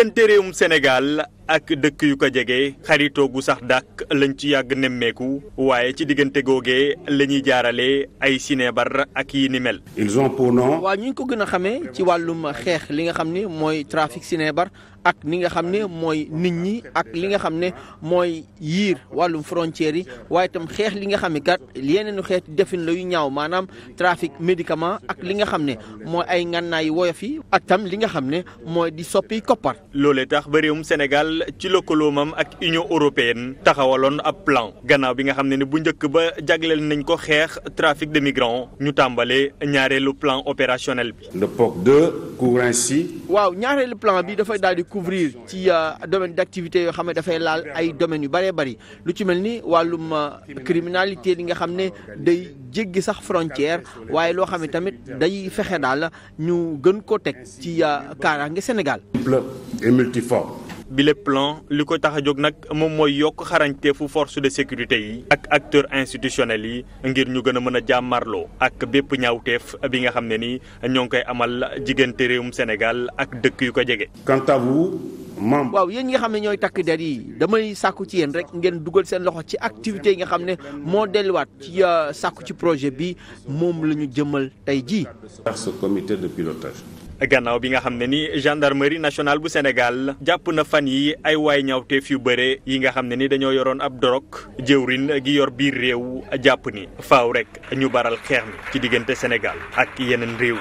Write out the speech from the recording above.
diggante réewum Sénégal ak dëkk yu ko jege xaritoo gu sax dàkk lañ ci yàgg nemmeeku waaye ci diggante googee la ñuy jaarale ay sinébar ak yi ni mel. ils pour nom. waaw ñu ngi ko gën a xamee ci wàllum xeex li nga xam ni mooy trafic sinébar ak ni nga xam ne mooy nit ñi ak li nga xam ne mooy yiir wàllum frontières yi waaye itam xeex li nga xam ne kat yeneenu xeeti defin la yu ñaaw maanaam trafic médicament ak li nga xam ne mooy ay ngànnaay woyof yi ak tam li nga xam ne mooy di soppi koppar. loolee tax ba réewum Sénégal ci lëkkaloomam ak Union européenne taxawaloon ab plan gannaaw bi nga xam ne ne bu njëkk ba jagleel nañ ko xeex trafic de migrants ñu tàmbalee ñaareelu plan opérationnel bi. waaw ñaareelu plan bi dafay daal couvrir ci euh, domaine d'activité yoo xam ne dafay laal ay domaines yu bëree bëri lu ci mel ni wàllum euh, criminalité li nga xam ne day jéggi sax frontière waaye loo xam ne tamit day fexe daal ñu gën ko teg ci euh, kaaraange Sénégal. et multiforme. bi le plan li ko tax a jóg nag moom mooy yokk xarañteefu force de sécurité yi ak acteur institutionnels yi ngir ñu gën a mën a jàmmarloo ak bépp ñaawteef bi nga xam ne ni ñoo ngi koy amal diggante réewum Sénégal ak dëkk yu ko jege. quant à vous. maam waaw yéen ñi nga xam ne ñooy takk der yi damay sàkku ci yéen rek ngeen dugal seen loxo ci activités yi nga xam ne moo delluwaat ci euh, sàkku ci projet bi moom la ñu jëmal tey jii. par ce gannaaw bi nga xam ne ni gendarmerie nationale bu Sénégal jàpp na fan yi ay waay ñawteef yu bëre yi nga xam ne ni dañoo yoroon ab dorog jëwrin gi yor biir réew jàpp ni faaw rek ñu baral xeex mi ci diggante Sénégal ak yeneen réew